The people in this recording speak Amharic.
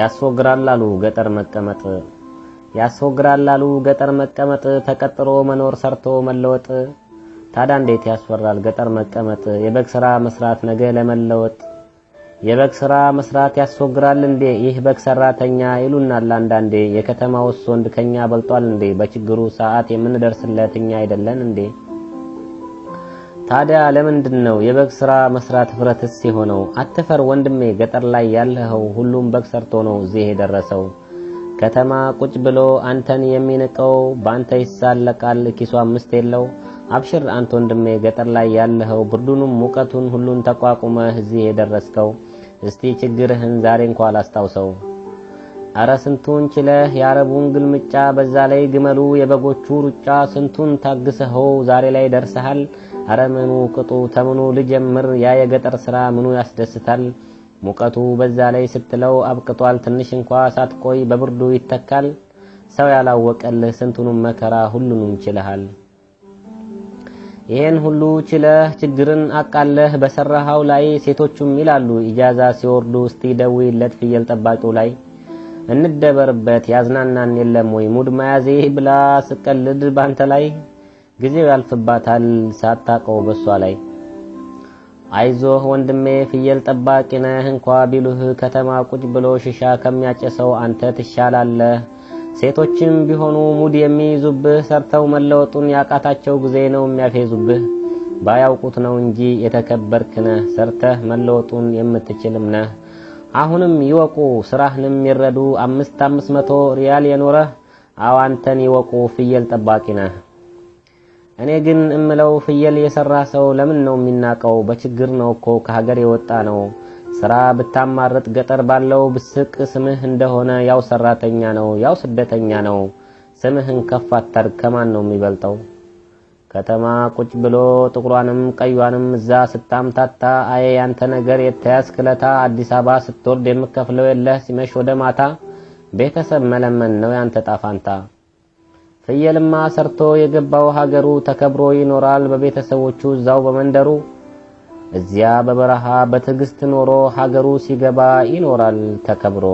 ያስወግራል አሉ ገጠር መቀመጥ ያስወግራል አሉ ገጠር መቀመጥ ተቀጥሮ መኖር ሰርቶ መለወጥ። ታዲያ እንዴት ያስወራል ገጠር መቀመጥ የበግ ስራ መስራት ነገ ለመለወጥ የበግ ስራ መስራት ያስወግራል እንዴ ይህ በግ ሰራተኛ ይሉናል አንዳንዴ። የከተማውስ ወንድ ከኛ በልጧል እንዴ በችግሩ ሰዓት የምንደርስለት እኛ አይደለን እንዴ? ታዲያ ለምንድን ነው የበግ ስራ መስራት ፍረትስ የሆነው? አትፈር ወንድሜ፣ ገጠር ላይ ያለኸው ሁሉም በግ ሰርቶ ነው እዚህ የደረሰው። ከተማ ቁጭ ብሎ አንተን የሚንቀው በአንተ ይሳለቃል፣ ኪሱ አምስት የለው። አብሽር አንተ ወንድሜ፣ ገጠር ላይ ያለኸው ብርዱንም ሙቀቱን ሁሉን ተቋቁመህ እዚህ የደረስከው። እስቲ ችግርህን ዛሬ እንኳ አላስታውሰው። አረ ስንቱን ችለህ የአረቡን ግልምጫ በዛ ላይ ግመሉ የበጎቹ ሩጫ ስንቱን ታግሰኸው ዛሬ ላይ ደርሰሃል። አረ ምኑ ቅጡ ተምኑ ልጀምር ያ የገጠር ስራ ምኑ ያስደስታል። ሙቀቱ በዛ ላይ ስትለው አብቅቷል ትንሽ እንኳ ሳትቆይ በብርዱ ይተካል። ሰው ያላወቀልህ ስንቱንም መከራ ሁሉንም ችለሃል። ይህን ሁሉ ችለህ ችግርን አቃለህ በሰራሃው ላይ ሴቶቹም ይላሉ ኢጃዛ ሲወርዱ እስቲ ደውይለት ፍየል ጠባቂው ላይ እንደበርበት ያዝናናን የለም ወይ ሙድ መያዜ ብላ ስቀልድ ባንተ ላይ ጊዜው ያልፍባታል ሳታቀው በሷ ላይ አይዞህ ወንድሜ ፍየል ጠባቂ ነህ እንኳ ቢሉህ ከተማ ቁጭ ብሎ ሽሻ ከሚያጨሰው አንተ ትሻላለህ። ሴቶችም ቢሆኑ ሙድ የሚይዙብህ ሰርተው መለወጡን ያቃታቸው ጊዜ ነው የሚያፌዙብህ። ባያውቁት ነው እንጂ የተከበርክ ነህ ሰርተህ መለወጡን የምትችልም ነህ። አሁንም ይወቁ ስራህንም ይረዱ። አምስት አምስት መቶ ሪያል የኖረህ አዋንተን ይወቁ ፍየል ጠባቂ ነህ። እኔ ግን እምለው ፍየል የሰራ ሰው ለምን ነው የሚናቀው? በችግር ነው እኮ ከሀገር የወጣ ነው። ስራ ብታማርጥ ገጠር ባለው ብስቅ ስምህ እንደሆነ ያው ሰራተኛ ነው፣ ያው ስደተኛ ነው። ስምህን ከፍ አታድርግ። ከማን ነው የሚበልጠው? ከተማ ቁጭ ብሎ ጥቁሯንም ቀዩንም እዛ ስታምታታ፣ አየ ያንተ ነገር የተያዝክ ክለታ አዲስ አበባ ስትወርድ የምከፍለው የለህ ሲመሽ ወደ ማታ ቤተሰብ መለመን ነው ያንተ ጣፋንታ። ፍየልማ ሰርቶ የገባው ሀገሩ ተከብሮ ይኖራል በቤተሰቦቹ እዛው በመንደሩ እዚያ በበረሃ በትዕግስት ኖሮ ሀገሩ ሲገባ ይኖራል ተከብሮ